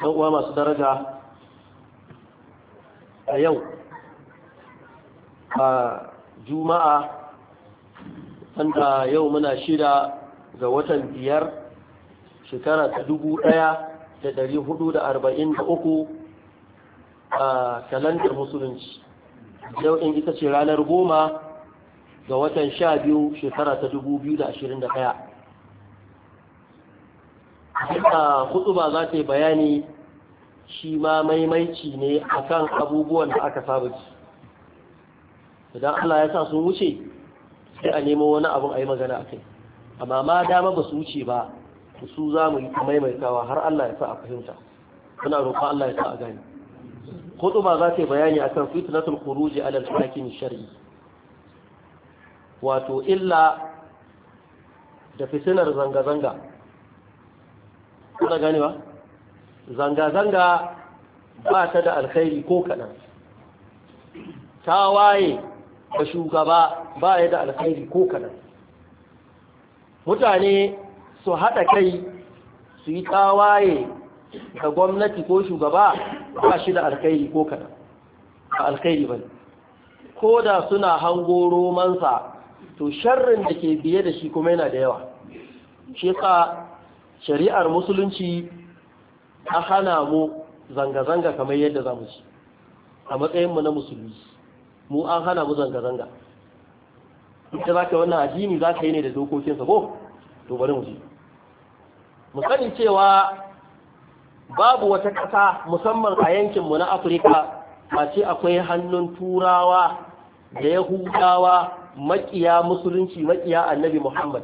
a uwa masu daraja a yau a juma'a wanda yau muna shida ga watan biyar shekara ta dubu ɗaya da dari hudu da arba'in da uku a kalandar musulunci yau in ita ce ranar goma ga watan sha biyu shekara ta dubu biyu da ashirin da ɗaya haka kutuba za ta yi bayani shi ma maimaici ne akan abubuwan da aka saba ci idan Allah ya sa sun wuce sai a nemo wani abin a yi magana a kai amma ma dama ba su wuce ba su za mu yi maimaitawa har Allah ya sa a fahimta suna roƙa Allah ya sa a gani kutuba za ta yi bayani akan fitnatul khuruji alal hakim shar'i wato illa da fitinar zanga-zanga kuna gani ba zanga-zanga ba ta da alkhairi ko kaɗan ta waye ba shugaba ba ya da alkhairi ko kaɗan mutane su haɗa kai su yi tawaye ga gwamnati ko shugaba ba shi da alkhairi ko kaɗan a alkhairi ba ko da suna hango romansa to sharrin da ke biye da shi kuma yana da yawa shi sa shari'ar musulunci a hana mu zanga-zanga kamar yadda za mu ci a matsayinmu na musulmi mu an hana mu zanga-zanga ita za ka wannan addini za ka yi ne da dokokinsa ko to bari mu ji mu sani cewa babu wata ƙasa musamman a yankinmu na afirka ba ce akwai hannun turawa da yahudawa makiya musulunci makiya annabi muhammad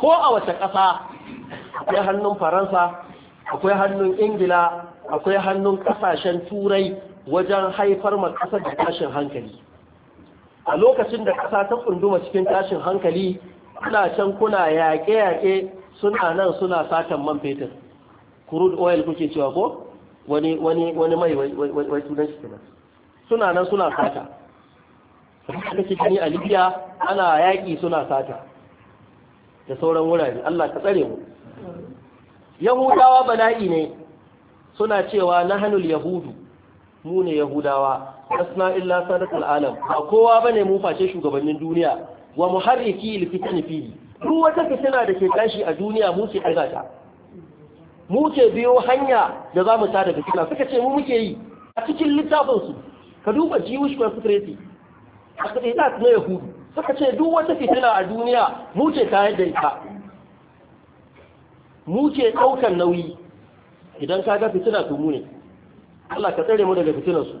ko a wata ƙasa akwai hannun faransa akwai hannun ingila akwai hannun kasashen turai wajen haifar ma kasar da tashin hankali a lokacin da kasa ta kunduma cikin tashin hankali suna can kuna yaƙe-yaƙe suna nan suna satan man fetur crude oil kuke cewa ko wani wani wani mai wai tunan shi kuma suna nan suna sata kuma kake gani a Libya ana yaƙi suna sata da sauran wurare Allah ka tsare mu yahudawa bala'i ne suna cewa na hannun yahudu mu ne yahudawa asna illa sadatul al'alam ba kowa ne mu face shugabannin duniya wa muharriki lifitan fili. duk wata fitina da ke tashi a duniya mu ce daga ta mu ce biyo hanya da za mu ta daga fitina suka ce mu muke yi a cikin littafinsu ka duba Jewish conspiracy a kadai su na yahudu suka ce duk wata fitina a duniya mu ce ta yadda ita mu ke ɗaukan nauyi idan ka ga fitina su mu Allah ka tsare mu daga fitinar su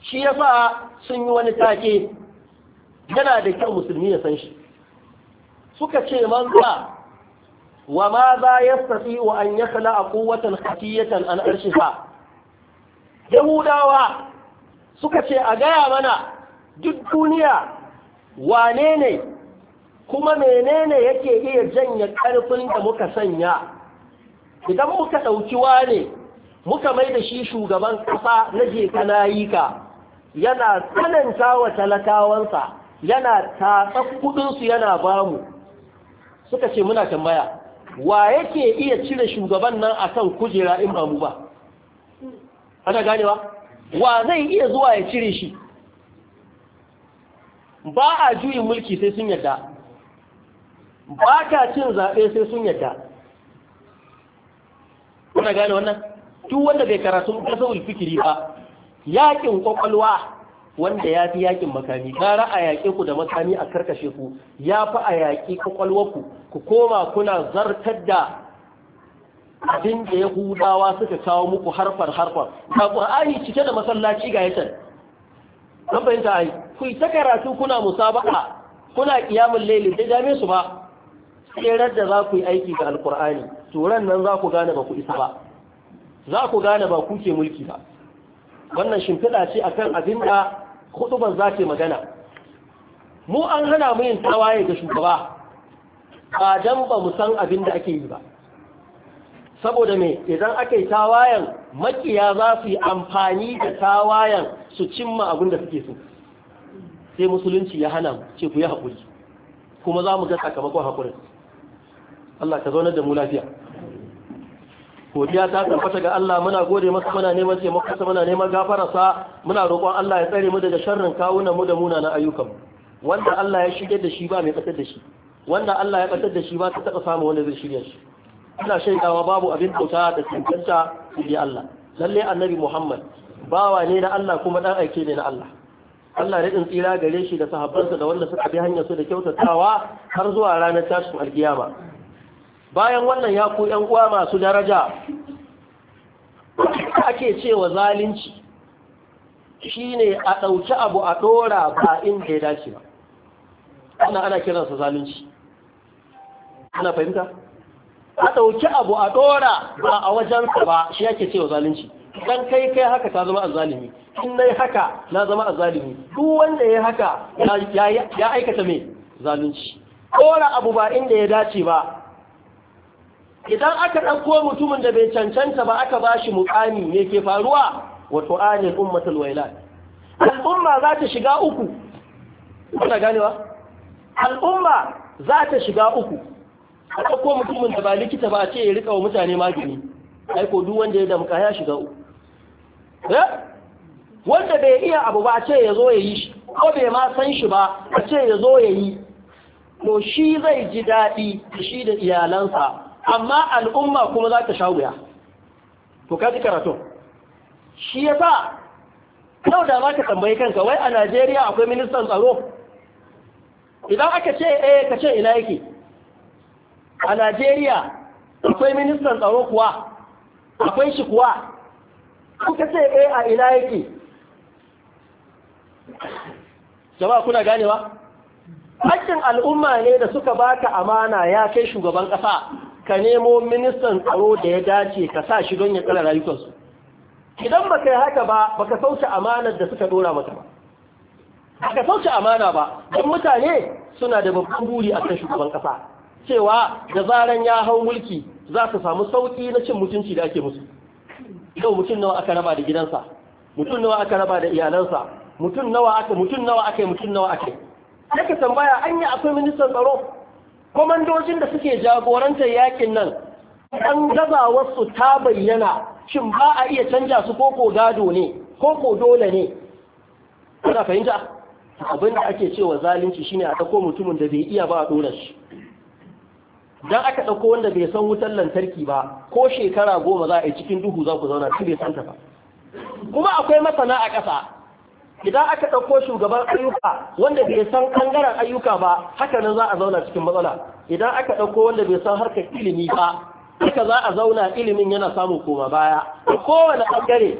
shi yasa sun yi wani take yana da kyau musulmi ya san shi suka ce manza wa ma za ya safi wa an ya kala a kowatan hatiyatan an Ya yahudawa suka ce a gaya mana duk duniya wane ne kuma menene yake iya janye karfin da muka sanya idan muka ɗauki wane muka mai da shi shugaban ƙasa na je na yana tsananta wa talakawansa yana tatsa kudinsu yana bamu suka ce muna tambaya wa yake iya cire shugaban nan akan kujera in ba mu ba ana ganewa wa zai iya zuwa ya cire shi ba a juyin mulki sai sun yarda. ba ta cin zaɓe sai sun yadda kuna gane wannan duk wanda bai karatu kasawul fikiri ba Yaƙin kwakwalwa wanda ya fi yakin makami gara a yaƙe ku da makami a karkashe ku ya fi a yaƙi kwakwalwarku ku koma kuna zartar da abin da yahudawa suka kawo muku harfar harfar ga ƙur'ani cike da masallaci ga yatan don fahimta ai ku yi ta karatu kuna musabaka kuna ƙiyamun laili da dame su ba tserar da za ku yi aiki ga alkur'ani turan nan za ku gane ba ku isa ba za ku gane ba ku ke mulki ba wannan shimfiɗa ce akan abin da hudubar za ke magana mu an hana mu yin tawaye ga shugaba ba don ba mu san abin da ake yi ba saboda me idan aka yi tawayen makiya za su yi amfani da tawayen su cimma abin da suke so sai musulunci ya hana mu ce ku yi haƙuri kuma za mu ga sakamakon haƙurin Allah ka zaunar da mu lafiya godiya ta tabbata ga Allah muna gode masa muna neman taimakonsa muna neman gafararsa muna roƙon Allah ya tsare mu daga sharrin kawunan mu da munanan ayyukan wanda Allah ya shige da shi ba mai fatar da shi wanda Allah ya fatar da shi ba ta taba samu wanda zai shirya shi ina shaidawa babu abin bauta da cancanta sai Allah lalle annabi Muhammad bawa ne na Allah kuma dan aike ne na Allah Allah ya tsira gare shi da sahabbansa da wanda suka bi hanyar su da kyautatawa har zuwa ranar tashin alkiyama bayan wannan ya ku ‘yan uwa masu daraja ake cewa zalunci shi ne a ɗauki abu a ɗora ba inda ya dace ba ana ana kiransa zalunci ana fahimta a ɗauki abu a ɗora ba a wajensa ba shi ake cewa zalunci Don kai kai haka ta zama a zalimi in yi haka na zama a zalimi. duk wanda yi haka ya aikata mai zalunci ɗora abu ba inda ya dace ba idan aka ɗauko mutumin da bai cancanta ba aka ba shi mukami ne ke faruwa wato anil ummatul wailat al'umma za ta shiga uku kuna ganewa al'umma za ta shiga uku a ɗauko mutumin da ba likita ba a ce ya rika wa mutane magani aiko duk wanda ya damka ya shiga uku eh? wanda bai iya abu ba a ce ya zo ya yi shi ko bai ma san shi ba a ce ya zo ya yi to shi zai ji daɗi shi da iyalansa amma al'umma kuma za ta sha wuya to ka ji karatu shi ya sa Yau da za ka tambayi kanka wai a najeriya akwai ministan tsaro idan aka ce eh ka ce ina yake a najeriya akwai ministan tsaro kuwa akwai shi kuwa kuka ce eh a ina yake jama'a kuna ganewa hakkin al'umma ne da suka baka amana ya kai shugaban ƙasa ka nemo ministan tsaro da ya dace ka sa shi don ya kara rayukansu idan ba yi haka ba ba ka sauce amanar da suka dora mata ba ba ka sauce amana ba don mutane suna da babban buri a kan shugaban kasa cewa da zaran ya hau mulki za su samu sauƙi na cin mutunci da ake musu yau mutum nawa aka raba da gidansa mutum nawa aka raba da iyalansa mutum nawa aka mutum nawa aka mutum nawa aka yi tambaya anya akwai ministan tsaro komandojin da suke jagorantar yakin nan an gaza wasu ta bayyana shin ba a iya canja su "ko gado ne ko dole ne kuna fahimta abin da ake cewa zalunci shine a ɗauko mutumin da bai iya ba a ɗora shi dan aka ɗauko wanda bai san wutar lantarki ba ko shekara goma za a yi cikin duhu za ku zauna tun bai san ba kuma akwai masana a ƙasa idan aka ɗauko shugaban ayyuka wanda bai san ɓangaren ayyuka ba haka nan za a zauna cikin matsala idan aka ɗauko wanda bai san harkar ilimi ba haka za a zauna ilimin yana samun koma baya a kowane ɓangare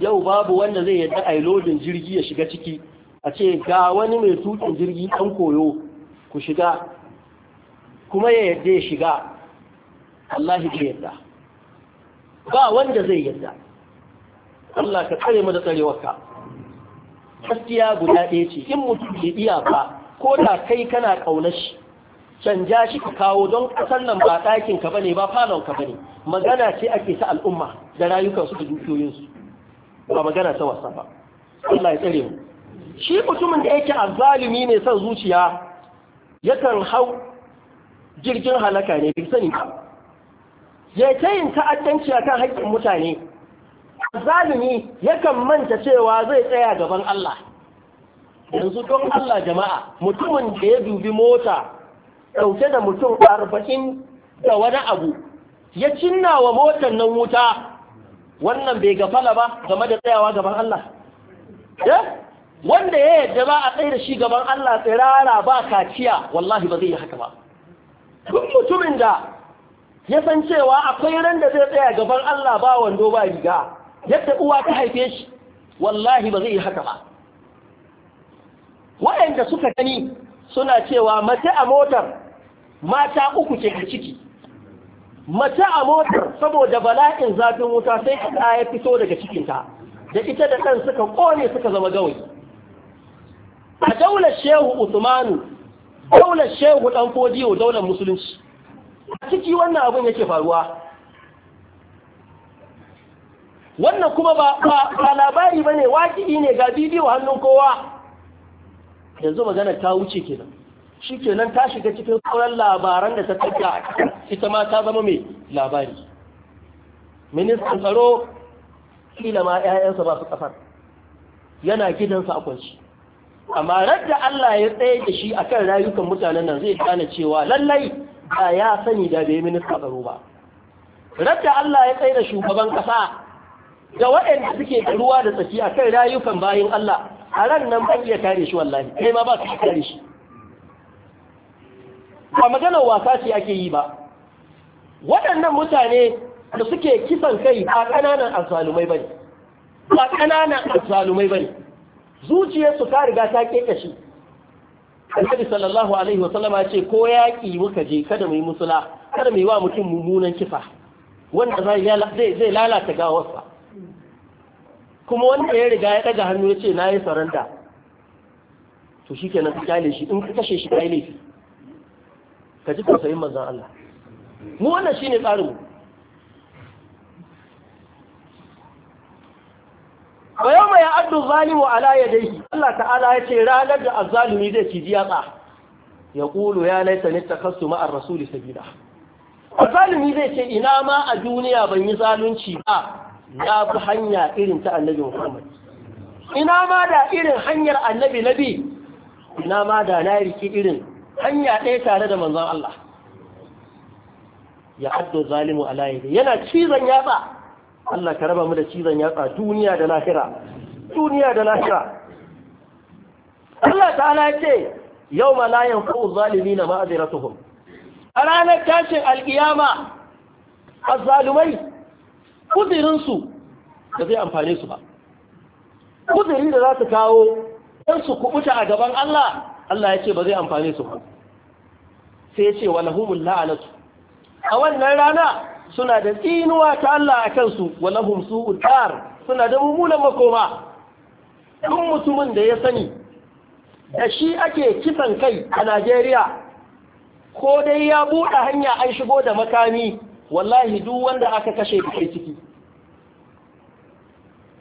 yau babu wanda zai yadda a lodin jirgi ya shiga ciki a ce ga wani mai tukin jirgi ɗan koyo ku shiga kuma ya yadda ya shiga Allah ya yadda ba wanda zai yadda Allah ka tsare mu da tsarewarka gaskiya guda ɗaya ce in mutum bai iya ba ko da kai kana ƙauna shi canja shi ka kawo don ƙasar nan ba ɗakin ka bane ba falon ka bane magana ce ake ta al'umma da rayukansu da dukiyoyinsu ba magana ta wasa ba Allah ya tsare mu shi mutumin da yake azzalumi ne son zuciya yakan hau jirgin halaka ne bai sani ba ya ta yin ta'addanci akan haƙƙin mutane zalimi yakan manta cewa zai tsaya gaban Allah yanzu don Allah jama'a mutumin da ya dubi mota ɗauke da mutum arba'in da wani abu ya cinna wa motar nan wuta wannan bai gafala ba game da tsayawa gaban Allah eh? wanda ya yadda ba a tsaye da shi gaban Allah tsirara ba kaciya wallahi ba zai yi haka ba duk mutumin da ya san cewa akwai ran da zai tsaya gaban Allah ba wando ba riga yadda uwa ta haife shi wallahi ba zai yi haka ba waɗanda suka gani suna cewa mace a motar mata uku ke a ciki mace a motar saboda bala'in zafin wuta sai ka ya fito daga cikinta da ita da ɗan suka kone suka zama gawayi a daular shehu usmanu daular shehu ɗan fodiyo daular musulunci a ciki wannan abin yake faruwa wannan kuma ba labari ba ne waƙi ne ga bidiyo hannun kowa yanzu magana ta wuce nan shi nan ta shiga cikin sauran labaran da ta tafiya ita ma ta zama mai labari ministan tsaro kila ma 'ya'yansa ba su ƙasar yana gidansa a kwanci amma radda Allah ya tsaye da shi akan rayukan mutanen nan zai gane cewa lallai ba ya sani da bai minista tsaro ba radda Allah ya tsaye da shugaban ƙasa ga waɗanda suke da ruwa da tsaki a kan rayukan bayan Allah a ran nan ban iya kare shi wallahi kai ma ba su ka kare shi ba maganar wasa ce ake yi ba waɗannan mutane da suke kisan kai a ƙananan azzalumai bane ba ƙananan azzalumai bane zuciyarsu ta riga ta kekashi Annabi sallallahu alaihi wa sallama ce ko yaƙi muka je kada mu yi musula kada mu yi wa mutum mummunan kifa wanda zai lalata gawarsa kuma wanda ya riga ya daga hannu ya ce na yi saranta to shi kenan ka kyale shi in ka kashe shi kai laifi ka ji tausayin mazan Allah mu wannan shine tsarin mu wa yawma ya'addu zalimu ala dai Allah ta'ala ya ce ranar da azzalimi zai ci jiyatsa ya kulu ya laita ta kasu ma'ar rasuli sabida azzalimi zai ce ina ma a duniya ban yi zalunci ba na fi hanya irin ta annabi Muhammad ina ma da irin hanyar annabi nabi ina ma da na riki irin hanya ɗaya tare da manzan Allah ya haddo zalimu ala yadi yana cizon yatsa Allah ka raba mu da cizon yatsa duniya da lahira duniya da lahira Allah ta'ala ce yau ma la yanfa'u zalimina ma'adiratuhum a ranar tashin al'iyama, a zalumai. Kudirinsu da zai amfane su ba uzuri da za su kawo don su kubuta a gaban Allah Allah ya ce ba zai amfane su ba sai ya ce wa lahumun la'alatu a wannan rana suna da tsinuwa ta Allah a kansu wa lahum su dar suna da mummunan makoma ɗin mutumin da ya sani da shi ake kisan kai a Najeriya ko dai ya buɗe hanya an shigo da makami wallahi duk wanda aka kashe kai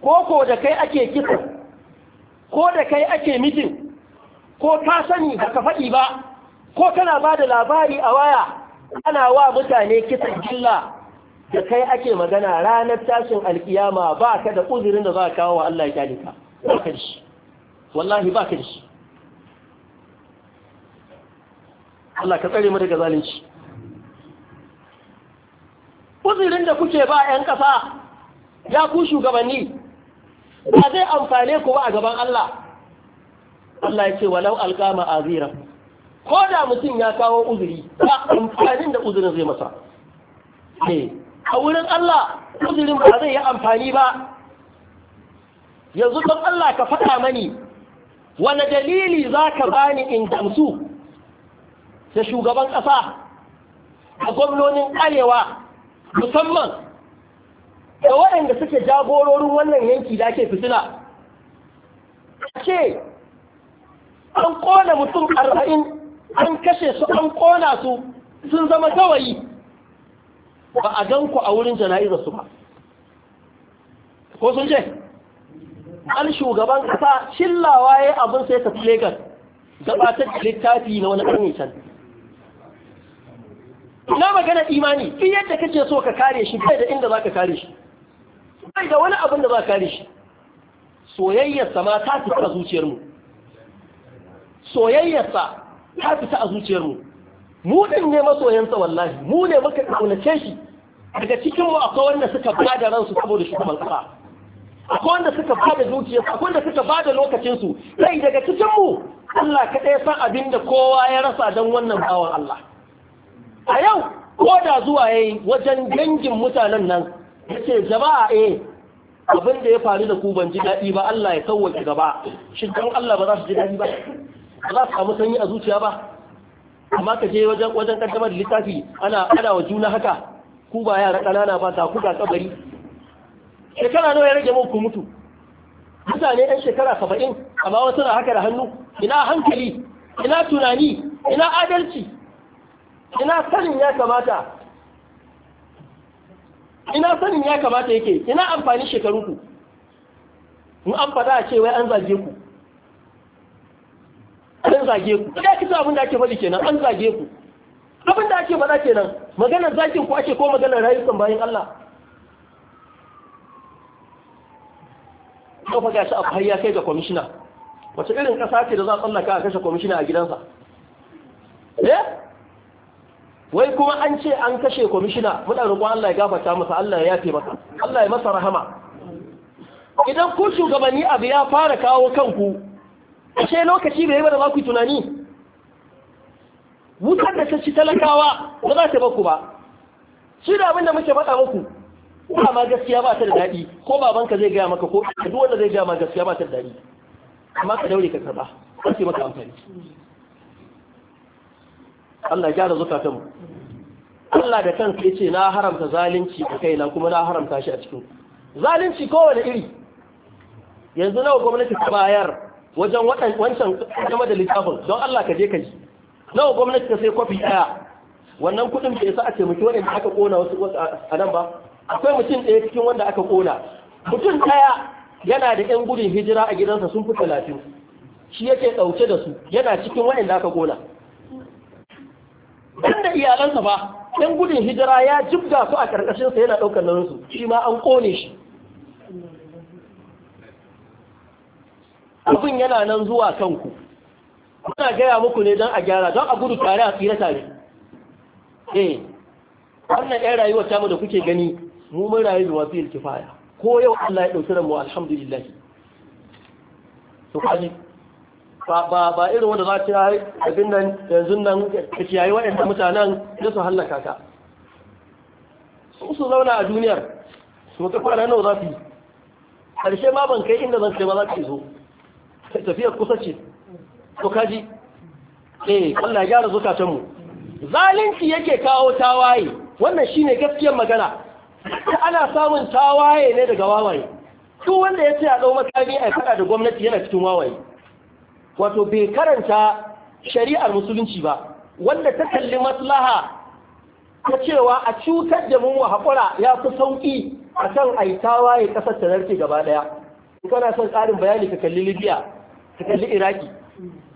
ko ko da kai ake kisa, ko da kai ake mitin ko ka sani ba ka faɗi ba ko kana ba da labari a waya ana wa mutane kisan jilla da kai ake magana ranar tashin alkiyama ba ka da uzurin da za a kawo wa Allah ya kyalika ba ka da shi wallahi ba ka da shi Allah ka tsare mu daga zalunci uzurin da kuke ba 'yan ƙasa ya ku shugabanni ba zai amfane ku ba a gaban Allah Allah ya ce walau alqama azira ko da mutum ya kawo uzuri ba amfanin da uzurin zai masa eh a wurin Allah uzurin ba zai yi amfani ba yanzu don Allah ka faɗa mani wani dalili za ka bani in gamsu da shugaban ƙasa a gwamnonin ƙarewa musamman da waɗanda suke jagororin wannan yanki da ake fitina ce an ƙona mutum arba'in an kashe su an ƙona su sun zama gawayi ba a gan ku a wurin jana'izar su ba ko sun ce an shugaban kasa shillawa ya abin sai tafi legas gabatar da littafi na wani ƙarni can na magana imani fi yadda kake so ka kare shi kai da inda za ka kare shi bai da wani abin da za kare shi soyayyarsa ma ta fita a zuciyarmu soyayyarsa ta fita a zuciyarmu mu din ne masoyansa wallahi mu ne muka kaunace shi daga cikin mu akwai wanda suka bada ransu saboda shi kuma kasa akwai wanda suka bada da zuciyarsu akwai wanda suka bada lokacinsu sai daga cikin mu Allah kaɗai san abin da kowa ya rasa don wannan bawan Allah a yau ko da zuwa yayi wajen dangin mutanen nan ce jama'a eh abin da ya faru da kuban ji daɗi ba Allah ya sauwake gaba shin kan Allah ba za su ji daɗi ba ba za su samu sanyi a zuciya ba amma ka je wajen wajen kaddamar da littafi ana ana wa juna haka ku ba yara ƙanana ba ta ku kabari shekara nawa ya rage ku mutu mutane ɗan shekara saba'in amma wasu na haka da hannu ina hankali ina tunani ina adalci ina sanin ya kamata ina sanin ya kamata yake ina amfani shekaru ku mu an fada a ce wai an zage ku an zage ku da kisa abin da ake faɗi kenan an zage ku abin da ake faɗa kenan maganar zakin ku ake ko maganar rayukan bayan Allah ko gashi shi har ya kai ga kwamishina wace irin ƙasa ce da za a tsallaka a kashe kwamishina a gidansa eh wai kuma an ce an kashe kwamishina muna roƙon Allah ya gafata masa Allah ya yafe masa Allah ya masa rahama idan ku shugabanni abu ya fara kawo kanku ashe lokaci bai yi ba da za ku tunani wutar da ta ci talakawa ba za ta baku ba shi da abin da muke faɗa muku ba ma gaskiya ba ta da daɗi ko babanka zai gaya maka ko duk wanda zai gaya ma gaskiya ba ta da daɗi amma ka daure ka karba ba ce maka amfani Allah ya gyara zukatanmu Allah da kansa yace na haramta zalunci a kaina kuma na haramta shi a cikin zalunci kowane iri yanzu nawa gwamnati ta bayar wajen wancan game da littafin don Allah ka je ka ji nawa gwamnati ta sai kwafi daya wannan kudin bai sa a taimaki wanda aka kona wasu a nan ba akwai mutum ɗaya cikin wanda aka kona mutum ɗaya yana da 'yan gudun hijira a gidansa sun fi talatin shi yake ɗauke da su yana cikin wanda aka kona dan da iyalansa ba ɗan gudun hijira ya jibga su a ƙarƙashinsa yana ɗaukar nansu shi ma an ƙone shi abin yana nan zuwa kanku muna gaya muku ne don a gyara don a gudu tare a tsira tare eh wannan ɗan rayuwar tamu da kuke gani mu mun rayu da wasu ilkifaya ko yau Allah ya ɗauki mu alhamdulillah ba irin wanda za ta yi abin nan yanzu nan ka kiyaye waɗanda mutanen da su hallaka ka su su zauna a duniyar su ka fara nawa za su yi ma ban kai inda zan kai ba za ka zo tafiyar kusa ce ko kaji eh Allah ya gyara zukatan mu zalunci yake kawo tawaye wannan shine gaskiyar magana ana samun tawaye ne daga wawaye duk wanda ya ce a dau makami a fada da gwamnati yana cikin wawaye wato bai karanta shari'ar musulunci ba wanda ta kalli maslaha ta cewa a cutar da mun haƙura ya fi sauƙi a kan aitawa ya ƙasar ta narke gaba ɗaya in kana son tsarin bayani ka kalli libya ka kalli iraki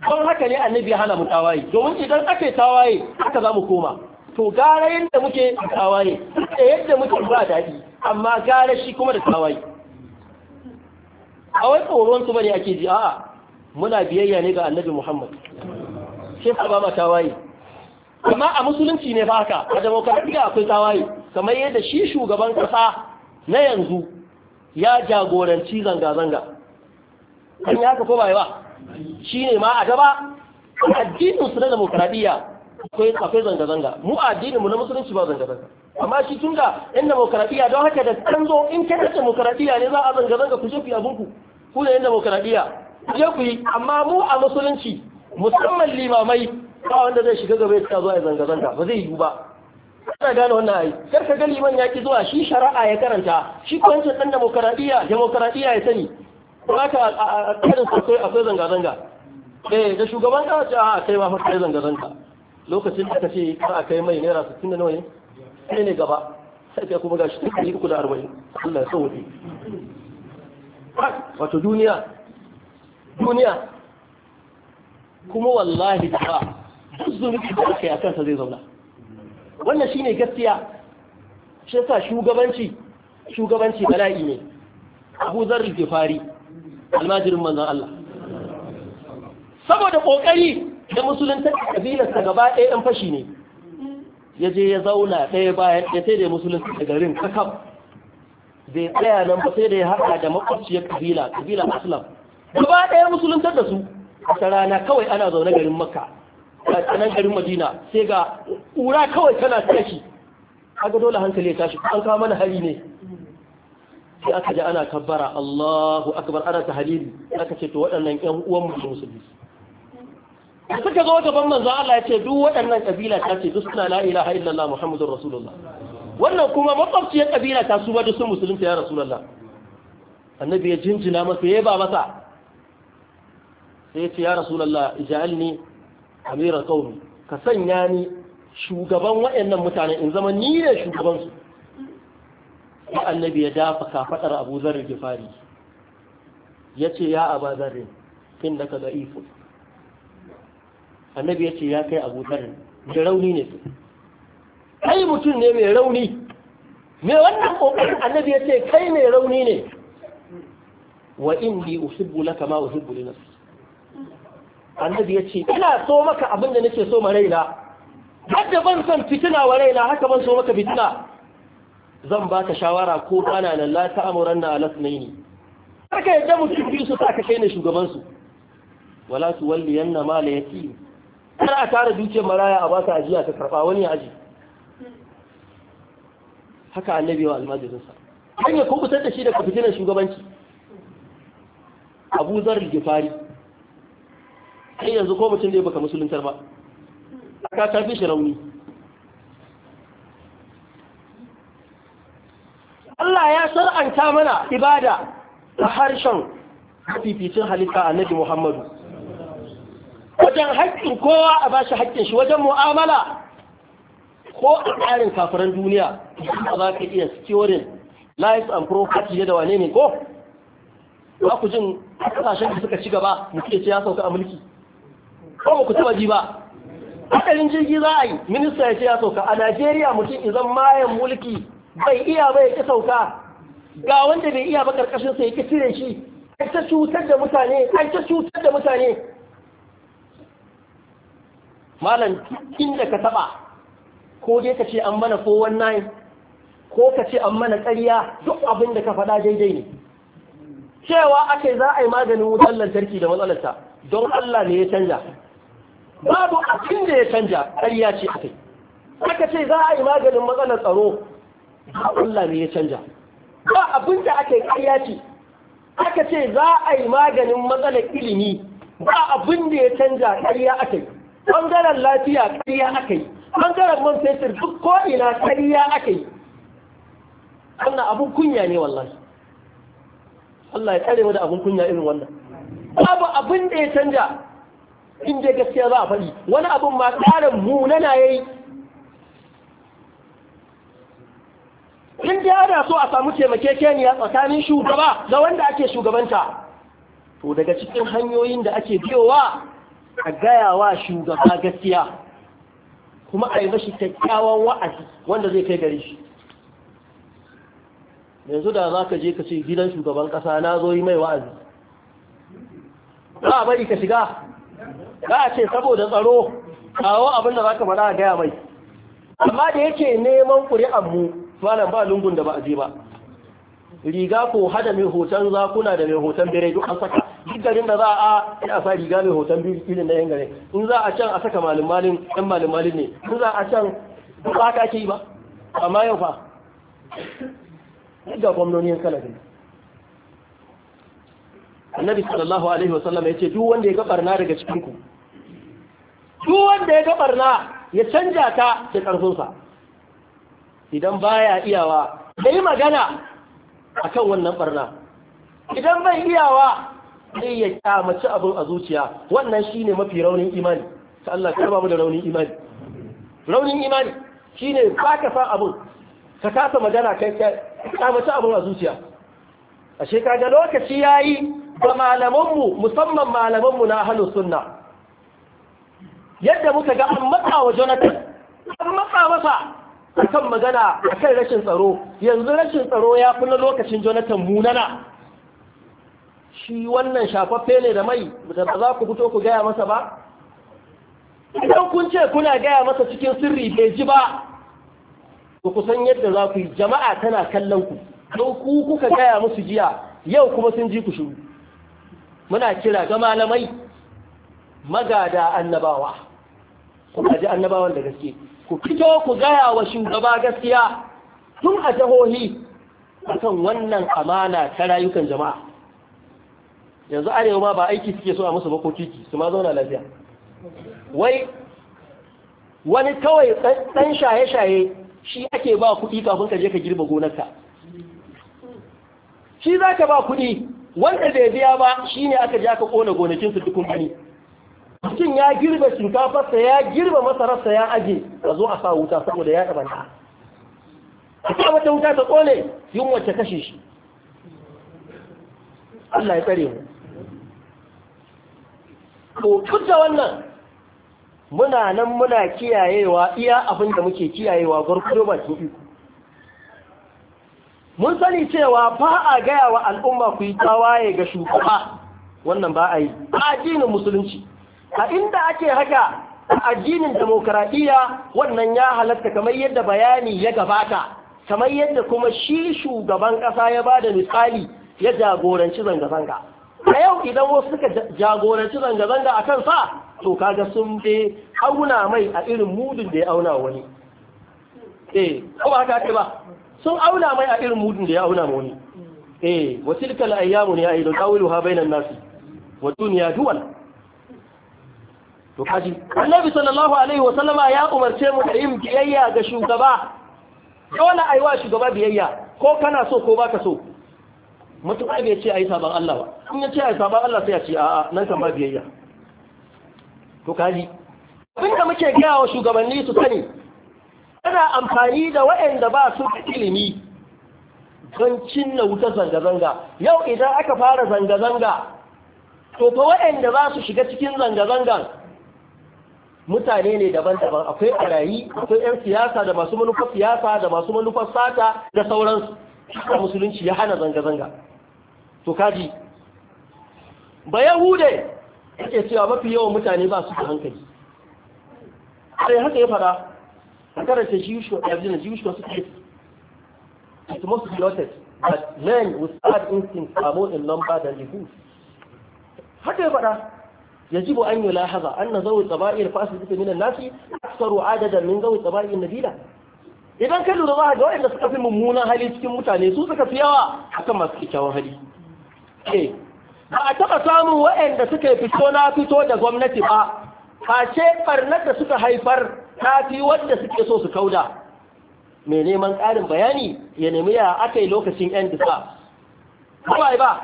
don haka ne annabi ya hana mu domin idan aka yi tawaye haka za mu koma to gara yadda muke tawaye da yadda muke ba daɗi amma gara shi kuma da tawaye a wani tsoron su bane ake ji a'a muna biyayya ne ga annabi Muhammad sai ka ba ma tawaye amma a musulunci ne fa haka a demokradiyya akwai tawaye kamar yadda shi shugaban kasa na yanzu ya jagoranci zanga-zanga an yi haka ko bai ba shi ne ma a gaba addinin su na demokradiyya akwai zanga-zanga mu addinin mu na musulunci ba zanga-zanga amma shi tun da yan demokradiyya don haka da kanzo zo in kana demokradiyya ne za a zanga-zanga ku je ku yi abinku ku da yan demokradiyya je ku yi amma mu a musulunci musamman limamai ba wanda zai shiga gaba ya zuwa ya zanga-zanga ba zai yi ba ana gane wannan ayi kar ka ga liman ya ki zuwa shi shari'a ya karanta shi kwancin dan demokaradiyya demokaradiyya ya sani ba ka a karin sosai akwai zanga-zanga eh da shugaban ka ce a kai ma fa kai zanga-zanga lokacin da ka ce kar a kai mai naira 60 da nawa ne sai ne gaba sai ka kuma gashi 340 Allah ya sauke wato duniya duniya kuma wallahi ba duk zunubi da aka yi a kansa zai zauna wannan ne gaskiya shi sa shugabanci shugabanci bala'i ne abu zarri ke fari almajirin manzan Allah saboda kokari da musulunta kabilarsa gaba ɗaya ɗan fashi ne ya je ya zauna ɗaya bayan ya sai da ya musulunta da garin kakam zai tsaya nan ba sai da ya haɗa da makwabciyar kabila kabila aslam gaba ɗaya musuluntar da su a rana kawai ana zaune garin makka a tsanan garin madina sai ga ƙura kawai tana tashi kaga dole hankali ya tashi an kawo mana hari ne sai aka ji ana kabbara Allahu akbar ana ta tahlili aka ce to waɗannan ƴan uwan mu musulmi suka zo gaban manzo Allah ya ce duk waɗannan kabila ta ce duk suna la ilaha illallah muhammadur rasulullah wannan kuma makwabciyar kabila ta su ba duk sun musulunta ya rasulullah annabi ya jinjina masa ya ba masa sai ya ce ya rasulullah ij'alni amira qaumi ka sanya ni shugaban waɗannan mutane in zama ni ne shugaban su sai annabi ya dafa kafadar Abu Dharr Gifari yace ya Abu Dharr innaka da'ifun annabi ya ce ya kai Abu Dharr da rauni ne kai mutum ne mai rauni me wannan ƙoƙarin annabi ya ce kai mai rauni ne wa in inni uhibbu laka ma uhibbu li annabi ya ce ina so maka abin da nake so ma raina hadda ban son fitina wa raina haka ban so maka fitina zan ba ka shawara ko kana nan la ta'amuran na alasnaini haka yadda mutum biyu su ta kai ne shugaban su wala su walli yanna ma la yati kar a tara dukiyar maraya a baka ajiya ta karfa wani aji haka annabi wa almajirinsa an ku kubutar da shi daga fitinar shugabanci abu zar gifari har yanzu ko mutum da ya baka musuluntar ba a ta fi shi rauni Allah ya sar'anta mana ibada da harshen hafifitin halitta nadi Muhammadu wajen haƙƙin kowa a bashi haƙƙin shi wajen mu'amala ko a tsarin kafiran duniya ba za ka iya securing life and property da wane ne ko ba ku jin kasashen da suka ci gaba mutum ya sauka a mulki ko ba ku taba ji ba hadarin jirgi za a yi minista ya ce ya sauka a najeriya mutum izan mayan mulki bai iya ba ya ƙi sauka ga wanda bai iya ba karkashin sa ya ƙi cire shi an ta cutar da mutane an ta cutar da mutane malam inda ka taba ko dai ka ce an mana wannan, ko ka ce an mana ƙarya duk abin da ka faɗa daidai ne cewa ake za a yi maganin wutar lantarki da matsalarta don Allah ne ya canja babu abin da ya canja ƙarya ce a kai. aka ce za a yi maganin matsalar tsaro Allah ne ya canja ba abin da aka yi ƙarya ce aka ce za a yi maganin matsalar ilimi ba abin da ya canja ƙarya kai. ɓangaren lafiya ƙarya kai ɓangaren man fetur duk ko'ina ƙarya kai wannan abin kunya ne wallahi Allah ya tsare mu da abin kunya irin wannan babu abin da ya canja in dai gaskiya za a faɗi wani abin ma ƙarin munana ya yi in dai ana so a samu taimakekeniya tsakanin shugaba da wanda ake shugabanta to daga cikin hanyoyin da ake biyowa a gaya wa shugaba gaskiya kuma a yi mashi kyakkyawan wa'azi wanda zai kai gari shi yanzu da za ka je ka ce gidan shugaban ƙasa na zo yi mai wa'azi ba a bari ka shiga za a ce saboda tsaro kawo abin da za ka mara a gaya mai amma da yake neman ƙuri'anmu malam ba lungun da ba a je ba riga ko hada mai hoton zakuna da mai hoton bere duk an saka duk garin da za a yi a sa riga mai hoton biyu irin na yin gare in za a can a saka malin malin yan malin malin ne in za a can ba ka ke yi ba amma yau fa duk ga gwamnonin sanadin annabi sallallahu alaihi wasallam ya ce duk wanda ya ga barna daga cikin ku duk wanda ya ga barna ya canja ta da karfinsa idan baya iyawa ya yi magana akan wannan barna idan bai iyawa zai ya kyamaci abin a zuciya wannan shine mafi raunin imani ta Allah ka ba mu da raunin imani raunin imani shine ba ka san abin ka kasa magana kai kyamaci abin a zuciya ashe ga lokaci yayi ga malamanmu musamman malamanmu na ahlus sunna yadda muka ga an matsa wa Jonathan an matsa masa kan magana akan rashin tsaro yanzu rashin tsaro ya fi na lokacin Jonathan munana shi wannan shafaffe ne da mai da ba za ku fito ku gaya masa ba idan kun ce kuna gaya masa cikin sirri bai ji ba ku kusan yadda za ku yi jama'a tana kallon ku don ku kuka gaya musu jiya yau kuma sun ji ku shiru muna kira ga malamai magada annabawa Ku ji annabawan da gaske ku fito ku gaya wa shugaba gaskiya tun a jihohi akan wannan amana ta rayukan jama'a yanzu arewa ma ba aiki suke so a musu ba ko kiki su ma zauna lafiya wai wani kawai ɗan shaye-shaye shi ake ba kuɗi kafin ka je ka girba gonarka shi za ka ba kuɗi wanda bai biya ba ne aka ji aka kona gonakin su dukun gani mutum ya girbe shinkafarsa ya girbe masararsa ya aje a zo a sa wuta saboda ya ɗabanta a sa mata wuta ta ƙone yin wacce kashe shi Allah ya tsare mu to duk da wannan muna nan muna kiyayewa iya abin da muke kiyayewa gwargwado bakin iko mun sani cewa ba a gaya wa al'umma ku yi tawaye ga shugaba wannan ba a yi a addinin musulunci a inda ake haka a addinin demokradiyya wannan ya halatta kamar yadda bayani ya gabata kamar yadda kuma shi shugaban ƙasa ya ba da misali ya jagoranci zanga-zanga a yau idan wasu suka jagoranci zanga-zanga a kansa to kaga sun be auna mai a irin mudun da ya auna wani eh ko ba haka ba sun auna mai a irin mudun da ya auna mu ne eh wa tilka al ayyamu ne ayi dawilu ha bainan nas wa dunya duwan? to kaji annabi sallallahu alaihi wa sallama ya umarce mu da yin biyayya ga shugaba dole ai wa shugaba biyayya ko kana so ko baka so mutum ai bai ce ai saban Allah ba in ya ce ai saban Allah sai ya ce a'a nan kan ba biyayya to kaji abinda muke gaya wa shugabanni su sani yana amfani da waɗanda ba su da ilimi don cinna wuta zanga-zanga yau idan aka fara zanga-zanga to fa waɗanda za su shiga cikin zanga-zangan mutane ne daban-daban akwai ɓarayi akwai 'yan siyasa da masu manufar siyasa da masu manufar sata da sauran da musulunci ya hana zanga-zanga to kaji ba yahude ake cewa mafi yawan mutane ba su da hankali sai haka ya fara Encourage the Jewish religion, the Jewish constitution. It's most noted that men with bad instincts are more in number than the Jews. Haka ya faɗa, يجب أن يلاحظ أن ذوي الطبائع الفاسدة من الناس أكثر عددا من ذوي الطبائع النبيلة idan ka lura za ga waɗanda suka fi mummunan hali cikin mutane su suka fi yawa akan masu kyakkyawan hali eh, ba a taɓa samun waɗanda suka fito na fito da gwamnati ba face ɓarnar da suka haifar ta fi wanda suke so su kauda mai neman ƙarin bayani ya nemi ya aka yi lokacin yan disa ba ba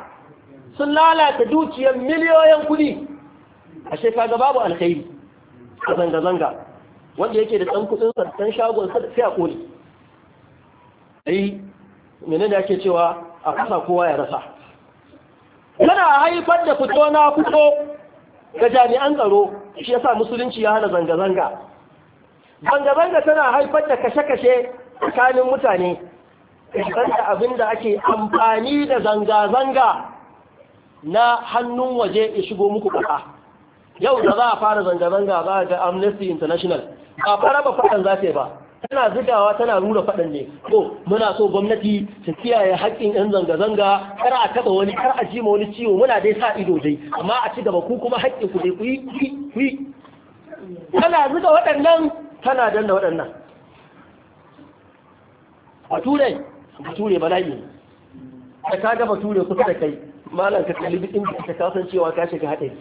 sun lalata dukiyar miliyoyin kudi a da babu alkhairi a zanga-zanga wanda yake da ɗan kudin sartan shagon da a koli ai menene da ake cewa a kasa kowa ya rasa yana haifar da fito na fito ga jami'an tsaro shi yasa musulunci ya hana zanga-zanga banga-banga tana haifar da kashe-kashe tsakanin mutane da abin da ake amfani da zanga-zanga na hannun waje ya shigo muku ƙasa yau da za a fara zanga-zanga ba ga amnesty international ba fara ba faɗan yi ba tana zigawa tana rura fadan ne ko muna so gwamnati ta kiyaye haƙƙin 'yan zanga-zanga kar a taɓa wani kar a jima wani ciwo muna dai sa ido dai amma a ci gaba ku kuma haƙƙin ku dai ku yi ku yi tana zuga waɗannan tana danna waɗannan bature bature bala'i ne ka kaga bature kusa da kai malam ka kalibi duk inda ka kasan cewa ka shiga haɗari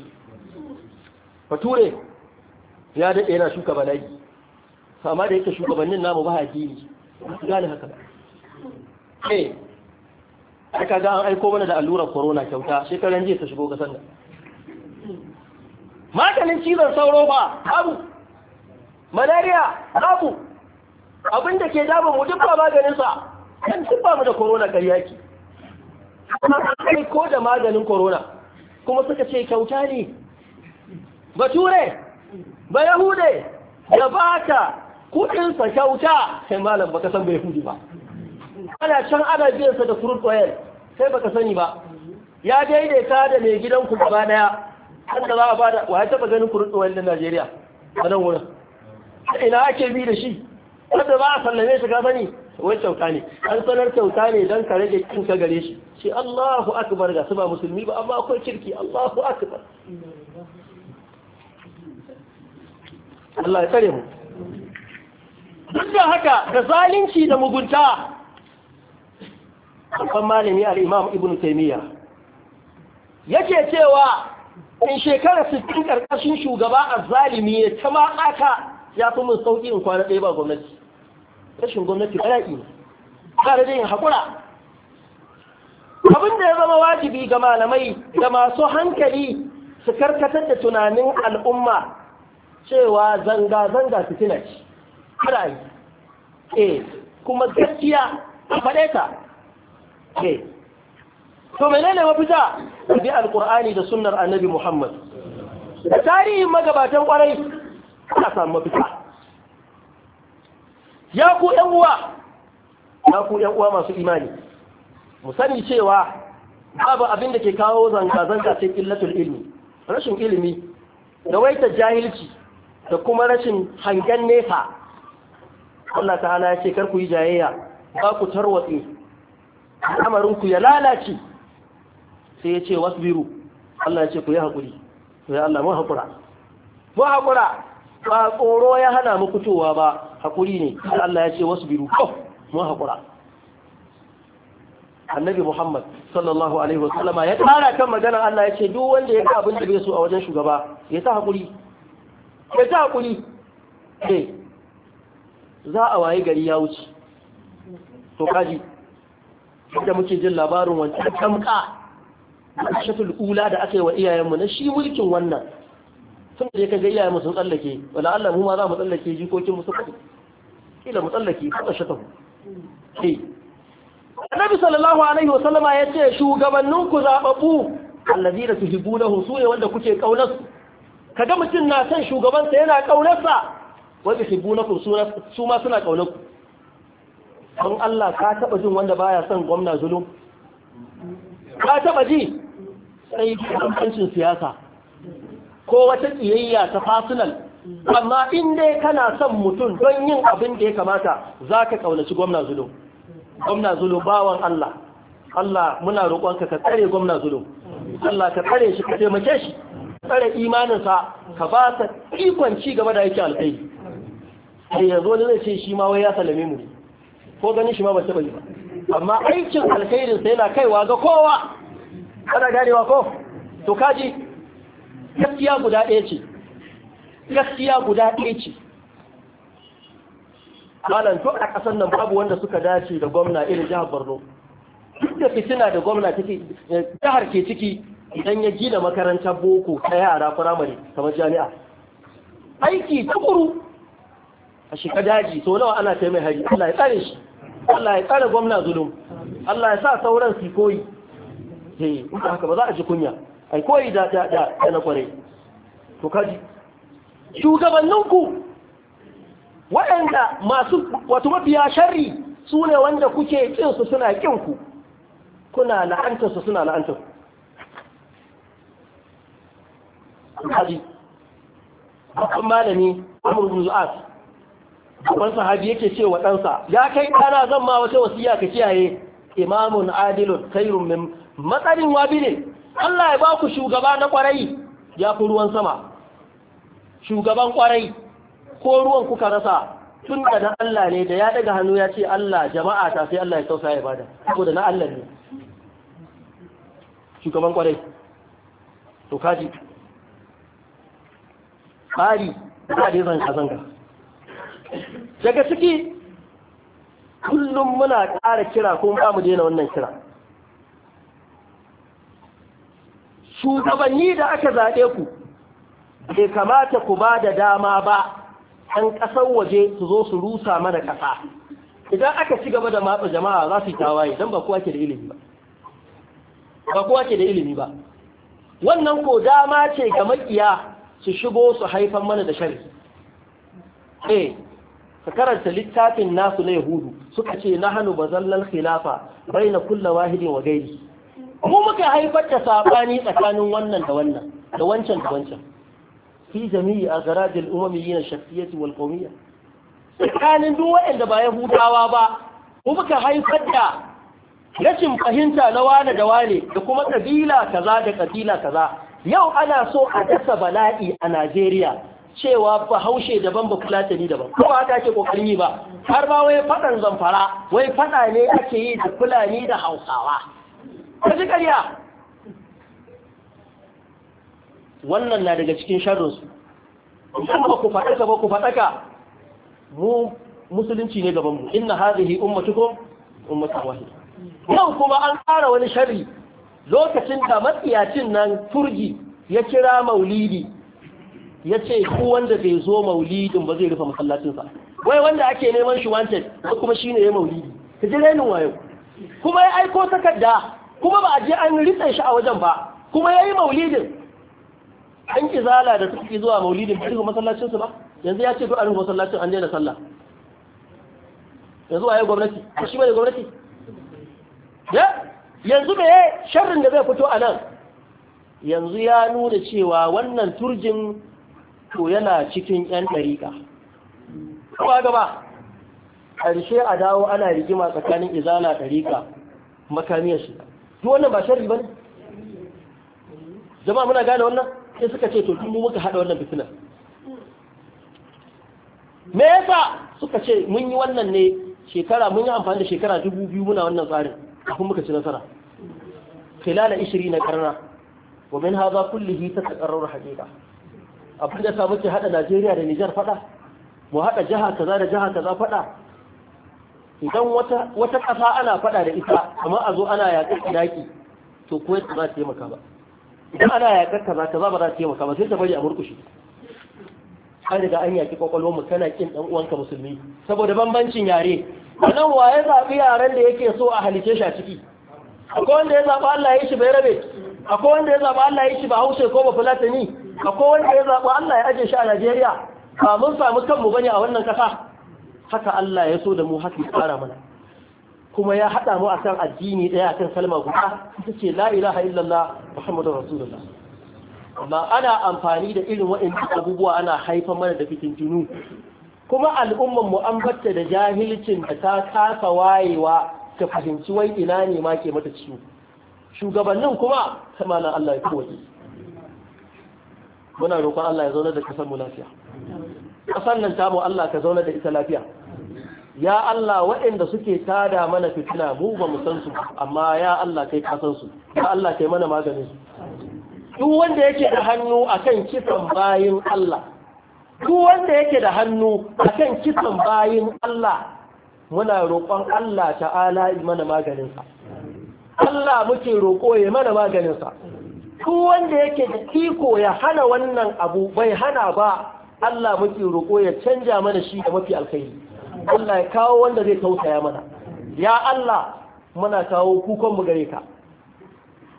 bature ya daɗe yana shuka bala'i amma da yake shugabannin namu ba ne su gane haka ba eh aka ga an aiko mana da allurar corona kyauta shekaran jiya ta shigo kasan nan maganin cizon sauro ba abu malaria babu abin da ke daba mu duk ba maganin sa kan duk mu da corona ƙarya ki ko da maganin corona kuma suka ce kyauta ne bature ba yahude da baka kudin sa kyauta sai malam baka san bai yahudi ba ana can ana biyan sa da crude oil sai baka sani ba ya daidaita da mai gidan ku gaba daya kan da za a bada wa ya taba ganin crude oil na Najeriya a nan wurin ina ake bi da shi wanda ba a sallame shi ka sani wai kyauta ne an sanar kyauta ne don ka rage kin ka gare shi shi Allahu akbar ga su ba musulmi ba amma akwai kirki Allahu akbar Allah ya tare mu duk da haka da zalunci da mugunta kan malami al-Imam Ibn Taymiyyah yake cewa in shekara 60 karkashin shugaba azzalimi ya ta aka ya fi mun sauƙi in kwana ɗaya ba gwamnati rashin gwamnati yaƙi ne ba da yin haƙura abin da ya zama wajibi ga malamai da masu hankali su karkatar da tunanin al'umma cewa zanga-zanga fitina ce karayi E, eh, kuma gaskiya a faɗe ta E. to menene mafita bi Alƙur'ani da sunnar annabi Muhammad da tarihin magabatan kwarai ana samu mafita ya ku uwa ya ku uwa masu imani mu sani cewa babu abin da ke kawo zanga-zanga sai illatul ilmi rashin ilimi da waita jahilci da kuma rashin hangen nefa. Allah ta'ala ya ce kar ku yi jayayya ba ku tarwatsi al'amarinku ya lalace sai ya ce wasu biru Allah ya ce ku yi haƙuri ya Allah mu haƙura mu haƙura ba tsoro ya hana mu fitowa ba hakuri ne Allah ya ce wasu biru ko oh, mu hakura annabi Muhammad sallallahu alaihi wasallam ya tsara kan magana Allah ya ce duk wanda ya ga abin da bai so a wajen shugaba ya ta hakuri ya ta hakuri eh za a waye gari ya wuce to kaji da muke jin labarin wancan kamka shatul ula da aka yi wa iyayenmu na shi mulkin wannan sun da ka gayya mu sun tsallake wala Allah mu ma za mu tsallake jikokin mu su kila mu tsallake ka shi ta eh Annabi sallallahu alaihi wasallama yace shugabannin ku zababu allazina tuhibunahum sune wanda kuke kaunar su kaga mutun na san shugaban sa yana kaunar sa wanda tuhibunakum su ma suna kaunar ku don Allah ka taba jin wanda baya son gwamna zulum ka taba ji sai bambancin siyasa ko wata tsiyayya ta fasinal amma in dai kana son mutum don yin abin da ya kamata za ka ƙaunaci gwamna Zulu. gwamna Zulu, bawan Allah Allah muna roƙonka ka tsare gwamna Zulu. Allah ka tsare shi ka taimake shi tsare imaninsa ka ba sa ikon ci gaba da yake alƙai sai ya zo da ce shi ma wai ya salame mu ko ganin shi ma ba yi ba amma aikin alkhairinsa yana kaiwa ga kowa kana ganewa ko to kaji gaskiya guda ɗaya ce gaskiya guda ɗaya ce malam to a ƙasar nan babu wanda suka dace da gwamna irin jihar Borno duk da fitina da gwamna take eh, jihar ke ciki idan ya gina makarantar boko ta yara firamare kamar jami'a aiki tukuru a shiga daji to nawa ana kai mai hari Allah ya tsare shi Allah ya tsare gwamna zulum Allah ya sa sauran su koyi eh haka ba za a ji kunya ai koyi da da da kwarai to kaji shugabanninku waɗanda masu wato mafiya sharri su ne wanda kuke ƙinsu suna ƙinku kuna la'antarsu suna la'antar kaji akwai malami amur buzu'as akwai sahabi yake ce wa ɗansa ya kai ɗana zan ma wata wasiya ka kiyaye imamun adilun khairun min matsarin wabi ne Allah ya ba ku shugaba na kwarai ya fi ruwan sama shugaban kwarai ko ruwan kuka rasa tun da na Allah ne da ya daga hannu ya ce Allah jama'a ta sai Allah ya sauka ya bada da na Allah ne shugaban kwarai to kaji tsari ba da zanga zanga daga ciki kullum muna ƙara kira kuma ba mu daina wannan kira shugabanni da aka zaɓe ku bai kamata ku ba da dama ba ɗan ƙasar waje su zo su rusa mana ƙasa idan aka ci gaba da matsa jama'a za su yi tawaye don ba kowa ke da ilimi ba ba ke da ilimi ba wannan ko dama ce ga makiya su shigo su haifan mana da shari E, eh, ka karanta littafin nasu na yahudu suka ce na hannu ba zallar khilafa na kulla wahidin wa gairi mu muka haifar da sabani tsakanin wannan da wannan da wancan da wancan fi jami'i a garajin umamiyyin shafiyyati wal qawmiyya tsakanin duk waɗanda ba yahudawa ba mu muka haifar da rashin fahimta na wani da wani, da kuma kabila kaza da kabila kaza yau ana so a dasa bala'i a Najeriya cewa bahaushe daban ba ni daban ko ba haka ake kokarin yi ba har ma wai fadan zamfara wai fada ne ake yi da fulani da hausawa ba ƙarya wannan na daga cikin sharrinsu idan ba ku faɗaka ba ku faɗaka mu musulunci ne gabanmu inna hazihi ummatukum ummatan wahida yau kuma an ƙara wani sharri lokacin da matsiyacin nan turgi ya kira maulidi ya ce ku wanda zai zo maulidin ba zai rufe masallacinsa wai wanda ake neman shi wanted ko kuma shine ya maulidi ka ji rainin wayo kuma ya aiko takarda kuma ba a je an ritsa shi a wajen ba kuma ya yi maulidin an izala da suke zuwa maulidin ba rufe masallacinsu ba yanzu ya ce duk an rufe masallacin an daina sallah yanzu waye gwamnati ko shi bane gwamnati ya yanzu me sharrin da zai fito a nan yanzu ya nuna cewa wannan turjin to yana cikin 'yan ɗariƙa kuma gaba ƙarshe a dawo ana rigima tsakanin izala dariƙa makamiyar shi. duk wannan ba sharri bane jama'a muna gane wannan sai suka ce to mu muka hada wannan fitina me yasa suka ce mun yi wannan ne shekara mun yi amfani da shekara dubu biyu muna wannan tsarin kafin muka ci nasara khilala 20 karna wa min hadha kullihi tataqarraru haqiqa abin da sa muke hada Najeriya da Niger fada mu hada jaha kaza da jaha kaza fada idan wata ƙasa ana faɗa da ita amma a zo ana yaƙar iraki to kuwa ba za ta taimaka ba idan ana yaƙar kaza za ba za ta taimaka ba sai ta bari a murkushe an riga an yaƙi kwakwalwar mu kana kin ɗan uwanka musulmi saboda bambancin yare wannan waye zaɓi yaren da yake so a halice shi a ciki akwai wanda ya zaɓi Allah ya shi bai rabe akwai wanda ya zaɓi Allah ya shi ba haushe ko ba fulatani akwai wanda ya zaɓi Allah ya aje shi a Najeriya ba mun samu kanmu bane a wannan ƙasa haka Allah ya so da mu haka tsara mana kuma ya haɗa mu akan addini ɗaya akan Salma guda ita ce la ilaha illallah Muhammadu rasulullah amma ana amfani da irin waɗannan abubuwa ana haifar mana da tunu. kuma al'umman mu an batta da jahilcin da ta kasa wayewa ta fahimci wai ina ne ma ke mata ciwo shugabannin kuma samanin Allah ya kowace muna roƙon Allah ya zauna da kasar mu lafiya ƙasar nan tamu Allah ka zauna da ita lafiya ya Allah waɗanda suke tada mana fitina mu ba mu san su amma ya Allah kai ka san su ya Allah kai mana maganin su duk wanda yake da hannu akan kisan bayin Allah duk wanda yake da hannu akan kisan bayin Allah muna roƙon Allah ta'ala yi mana maganin sa Allah muke roƙo ya mana maganin sa duk wanda yake da iko ya hana wannan abu bai hana ba Allah muke roƙo ya canja mana shi da mafi alkhairi Allah ya kawo wanda zai tausaya mana ya Allah muna kawo kukan mu gare ka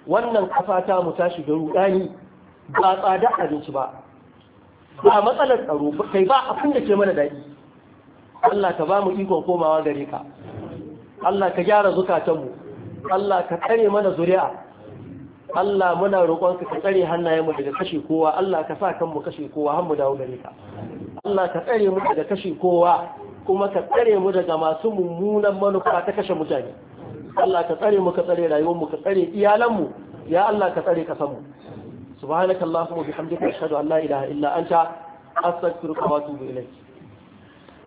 wannan kafa ta mu tashi da rudani ba tsada abinci ba ba matsalar tsaro kai ba abin da ke mana daɗi Allah ka ba mu ikon komawa gare ka Allah ka gyara zukatanmu Allah ka tsare mana zuri'a Allah muna roƙon ka tsare mu daga kashe kowa Allah ka sa kanmu kashe kowa har mu dawo gare ka Allah ka tsare mu daga kashe kowa kuma ka tsare mu daga masu mummunan manufa ta kashe mutane Allah ka tsare mu ka tsare rayuwar mu ka tsare iyalan mu ya Allah ka tsare kasan mu subhanakallahumma bihamdika ashhadu an la ilaha illa anta astaghfiruka wa atubu ilayk